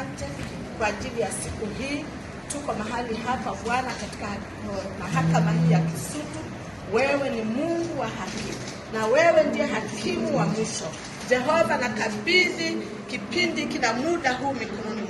asante kwa ajili ya siku hii. Tuko mahali hapa Bwana, katika eh, mahakama hii ya Kisutu. Wewe ni Mungu wa haki na wewe ndiye hakimu wa mwisho. Jehova, nakabidhi kipindi kina muda huu mikononi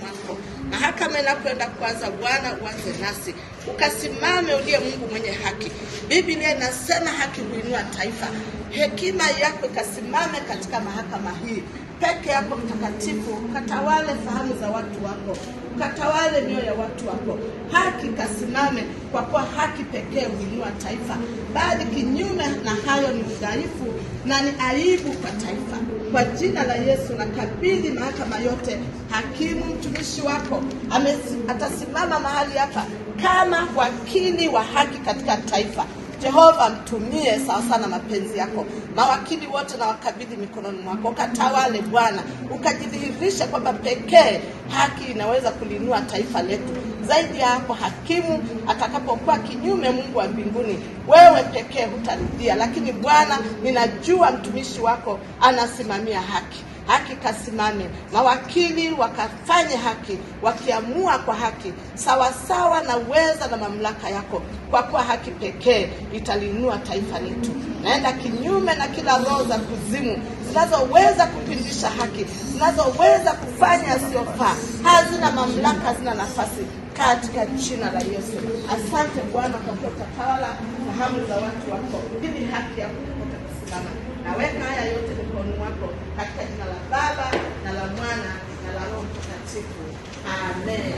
Mahakama inakwenda kwanza Bwana uanze nasi, ukasimame uliye Mungu mwenye haki. Biblia inasema haki huinua taifa. Hekima yako ikasimame katika mahakama hii peke yako Mtakatifu, ukatawale fahamu za watu wako, ukatawale mioyo ya watu wako. Haki kasimame, kwa kuwa haki pekee huinua taifa, bali kinyume na hayo ni udhaifu na ni aibu kwa taifa. Kwa jina la Yesu nakabidhi mahakama yote. Hakimu mtumishi wako amesi, atasimama mahali hapa kama wakili wa haki katika taifa. Jehova, mtumie sawa sana mapenzi yako. Mawakili wote na wakabidhi mikononi mwako, ukatawale Bwana, ukajidhihirisha kwamba pekee haki inaweza kuliinua taifa letu. Zaidi ya hapo, hakimu atakapokuwa kinyume, Mungu wa mbinguni, wewe pekee hutarudia, lakini Bwana, ninajua mtumishi wako anasimamia haki haki kasimame, mawakili wakafanye haki, wakiamua kwa haki, sawasawa na uweza na mamlaka yako, kwa kuwa haki pekee italinua taifa letu. Naenda kinyume na kila roho za kuzimu zinazoweza kupindisha haki, zinazoweza kufanya yasiyofaa, hazina mamlaka, hazina nafasi katika jina la Yesu. Asante Bwana kwa kuwa utatawala fahamu za watu wako, ili haki yako ipate kusimama. Naweka haya yote mikononi mwako katika jina la Baba na la Mwana na la Roho Mtakatifu, amen.